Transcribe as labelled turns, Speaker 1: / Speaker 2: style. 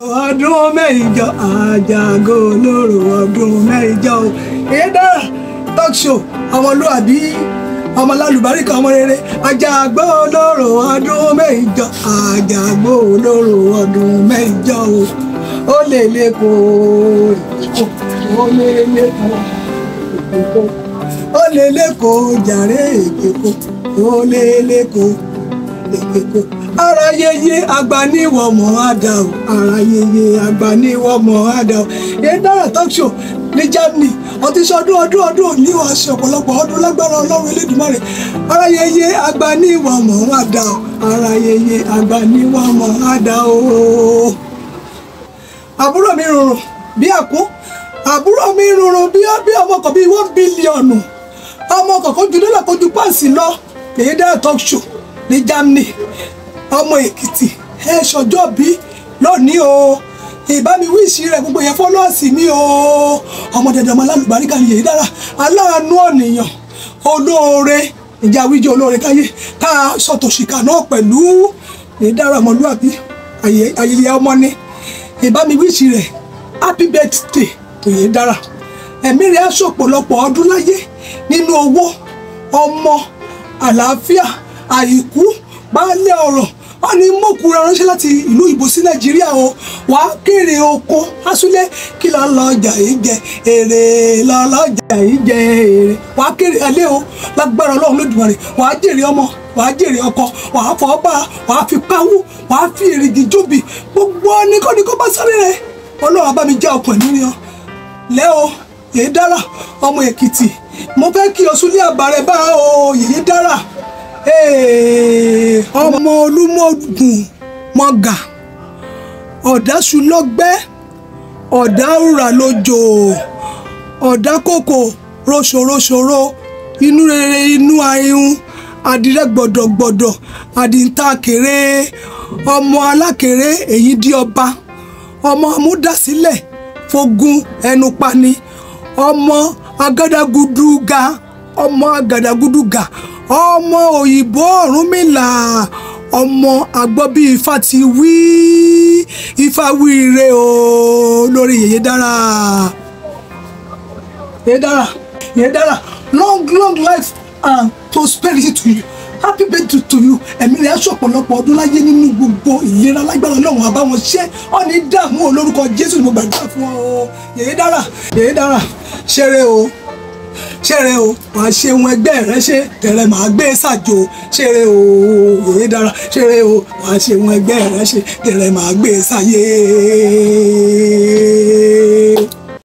Speaker 1: ọdún mẹ́jọ àjàgò olóró ọdún mẹ́jọ ìdára talk show ọmọlúàbí ọmọlálùbáríkà ọmọ rere àjàgbó olóró ọdún mẹ́jọ àjàgbó olóró ọdún mẹ́jọ ó lè lè kó ó lè lè kó jàre ó lè lè kó aráyéyé agbaniwọ̀mọ̀ àdá o aráyéyé agbaniwọ̀mọ̀ àdá o èyí dára talk show ní Germany ọtí sọdún ọdún ọdún òní wàá ṣe ọ̀pọ̀lọpọ̀ ọdún lágbára ọlọ́run elédùnmarè aráyéyé agbaniwọ̀mọ̀ àdá o aráyéyé agbaniwọ̀mọ̀ àdá o. àbúrò mi rùrùn bí àkó àbúrò mi rùrùn bí ọmọ kan bíi one bílíọ̀nù ọmọ kọ̀ọ̀kan ju dọ́là kojú páàsì lọ èyí dára talk show ní Germany ọmọ èkìtì ẹ ṣọjọ́ bí lónìí o ìbámi wíìsì rẹ gbogbo yẹn fọlọ́ọ̀sì mi o ọmọ dandan ọmọ alálùbáríkà ni yèyí dára aláàánú ọ̀nìyàn olóore ìjà wíjọ olóore káyé ká sọtòṣìkà náà pẹ̀lú yèyí dára ọmọlúwàbí ayẹyẹ ọmọ ni ìbámi wíìsì rẹ happy birthday tó yèyí dára ẹ̀mí rẹ̀ á ṣọ̀pọ̀lọpọ̀ ọdún láyé nínú owó ọmọ àlàáfíà àìkú baálé ọ̀rọ̀ wọ́n ní mọ̀kúra ránṣẹ́ láti ìlú ìbò sí nàìjíríà o wàá kéré oko asúlẹ̀ kí lọ lọ́jà yìí jẹ èrè lọ lọ́jà yìí jẹ èrè wàá kéré alẹ́ o lágbára ọlọ́run lódùmarè wàá jèrè ọmọ wàá jèrè ọkọ wàá fọ ọba wàá fi pawó wàá fi èrìgì jóbi gbogbo níkọ́níkọ́ bá sáré rẹ ọlọ́run abámi já ọkọ̀ nínú yan lẹ́ o yèé dára ọmọ èkìtì mo fẹ́ kí ọsùn ní àbàrẹ̀ bá o yèé dára. Hey ọmọ olúmọ̀gùn mọ̀gà ọ̀dásùlọ́gbẹ́ ọ̀dáùrà lójò ọ̀dákòkò roṣòroṣòro inú rere inú ahun adìrẹ gbọdọgbọdọ àdìntàkèrè ọmọ alákèrè èyí di ọba ọmọ amúdásílẹ̀ fogun ẹnu pani ọmọ agadaguduga ọmọ agadaguduga ọmọ òyìnbó Ọ̀rúnmìlà ọmọ àgbọ̀ bí ifá ti wí ifá wíire o lórí yèyé dára yèyé dára yèyé dára long long life and prosperity to you happy birthday to you ẹ̀mí rẹ̀ aṣọ ọ̀pọ̀lọpọ̀ ọdún láyé nínú gbogbo ìlera lágbára ọlọ́run àbáwọn ṣẹ́ ọ̀nì dààmú olórúkọ jésù ni mo gbàdúrà fún ọ yèyé dára yèyé dára ṣeré o ṣeré o wàá ṣe ohun ẹgbẹ́ rẹ ṣe tẹ̀rẹ̀ màá gbé ṣàjò ṣeré o òwe dára ṣeré o wàá ṣe ohun ẹgbẹ́ rẹ ṣe tẹ̀rẹ̀ màá gbé ṣàyè.